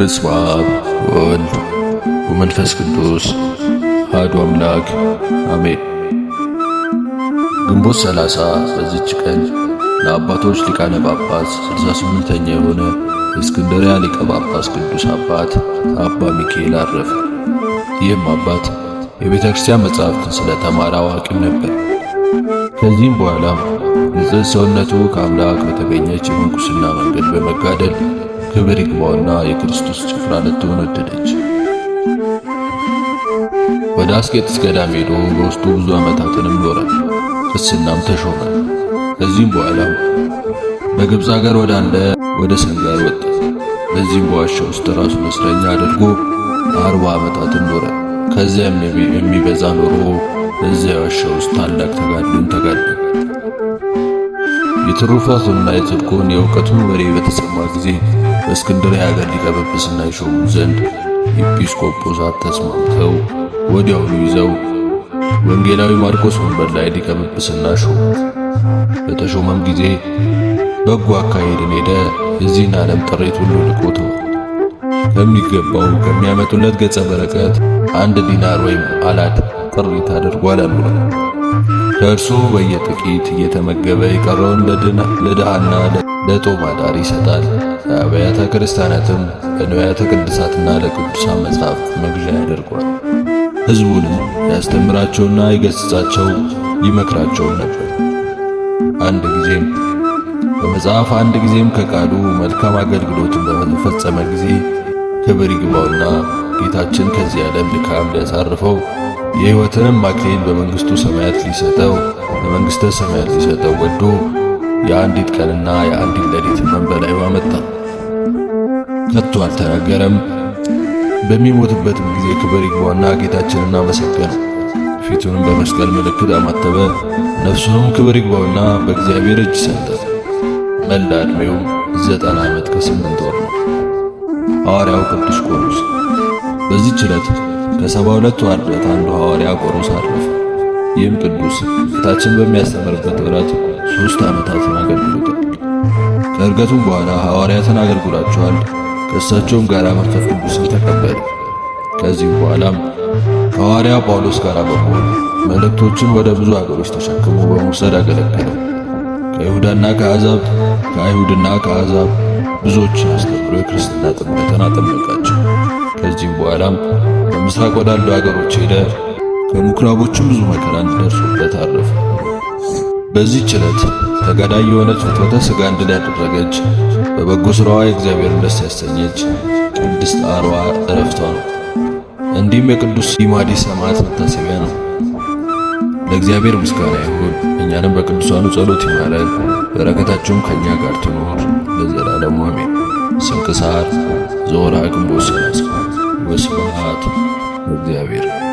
በስመ አብ ወወልድ ወመንፈስ ቅዱስ አሐዱ አምላክ አሜን። ግንቦት 30 በዚች ቀን ለአባቶች ሊቃነ ጳጳስ 68ኛ የሆነ የእስክንድርያ ሊቀ ጳጳስ ቅዱስ አባት አባ ሚካኤል አረፈ። ይህም አባት የቤተ ክርስቲያን መጻሕፍትን ተማረ አዋቂ ነበር። ከዚህም በኋላም ንጽሕ ሰውነቱ ከአምላክ በተገኘች የምንኩስና መንገድ በመጋደል ክብር ይግባውና የክርስቶስ ጭፍራ ልትሆን ወደደች። ወደ አስቄጥስ ገዳም ሄዶ በውስጡ ብዙ ዓመታትንም ኖረ። ክርስትናም ተሾመ። ከዚህም በኋላ በግብፅ አገር ወደ አንደ ወደ ሰንጋይ ወጣ። በዚህም በዋሻ ውስጥ ራሱን እስረኛ አድርጎ አርባ ዓመታትን ኖረ። ከዚያም የሚበዛ ኖሮ በዚያ ዋሻ ውስጥ ታላቅ ተጋድሎን ተጋደ። የትሩፋቱንና የጽድቁን የእውቀቱን ወሬ በተሰማ ጊዜ በእስክንድርያ ሀገር ሊቀ ጵጵስና ይሾሙ ዘንድ ኤጲስቆጶሳት ተስማምተው ወዲያውኑ ይዘው ወንጌላዊ ማርቆስ ወንበር ላይ ሊቀ ጵጵስና ሾሙት። በተሾመም ጊዜ በጎ አካሄድን ሄደ። እዚህን ዓለም ጥሬት ሁሉ ልቆ ከሚገባው ከሚያመጡለት ገጸ በረከት አንድ ዲናር ወይም አላድ ጥሪት አድርጓል አላሉ። ከእርሱ በየጥቂት እየተመገበ የቀረውን ለድሃና ለጦም አዳሪ ይሰጣል። ለአብያተ ክርስቲያናትም ለንዋያተ ቅድሳትና ለቅዱሳን መጽሐፍ መግዣ ያደርጓል። ሕዝቡንም ያስተምራቸውና ይገሥጻቸው ይመክራቸው ነበር። አንድ ጊዜም በመጽሐፍ አንድ ጊዜም ከቃሉ መልካም አገልግሎትን በፈጸመ ጊዜ ክብር ይግባውና ጌታችን ከዚህ ዓለም ድካም ሊያሳርፈው የሕይወትንም አክሊል በመንግሥቱ ሰማያት ሊሰጠው በመንግሥተ ሰማያት ሊሰጠው ወዶ የአንዲት ቀንና የአንዲት ሌሊት ሕመም በላዩ አመጣ። ከቶ አልተናገረም። በሚሞትበትም ጊዜ ክብር ይግባውና ጌታችንን አመሰገነው። ፊቱንም በመስቀል ምልክት አማተበ። ነፍሱንም ክብር ይግባውና በእግዚአብሔር እጅ ሰጠ። መላ ዕድሜውም ዘጠና ዓመት ከስምንት ወር ነው። ሐዋርያው ቅዱስ ቆሮስ። በዚህች ዕለት ከሰባ ሁለቱ አርድእት አንዱ ሐዋርያ ቆሮስ አረፈ። ይህም ቅዱስ ጌታችን በሚያስተምርበት ወራት ሶስት ዓመታትን አገልግሎት ከእርገቱም በኋላ ሐዋርያትን አገልግሏቸዋል። ከእሳቸውም ጋር መንፈስ ቅዱስን ተቀበለ። ከዚህም በኋላም ከሐዋርያ ጳውሎስ ጋር በመሆን መልእክቶችን ወደ ብዙ አገሮች ተሸክሞ በመውሰድ አገለገለ። ከይሁዳና ከአሕዛብ ከአይሁድና ከአሕዛብ ብዙዎችን አስተምሮ የክርስትና ጥምቀትን አጠመቃቸው። ከዚህም በኋላም በምሥራቅ ወዳሉ አገሮች ሄደ። ከምኵራቦቹም ብዙ መከራን እንዲደርሱበት አረፈ። በዚህች ዕለት ተጋዳይ የሆነች ውፍረተ ሥጋ እንድን ያደረገች በበጎ ሥራዋ የእግዚአብሔርን ደስ ያሰኘች ቅድስት አርዋ ዕረፍቷ ነው። እንዲሁም የቅዱስ ዲማዲ ሰማዕት መታሰቢያ ነው። ለእግዚአብሔር ምስጋና ይሁን። እኛንም በቅዱሳኑ ጸሎት ይማረን፣ በረከታቸውም ከእኛ ጋር ትኖር ለዘላለሙ አሜን። ስንክሳር ዘወርኀ ግንቦት ሰላሳ። ወስብሐት ለእግዚአብሔር።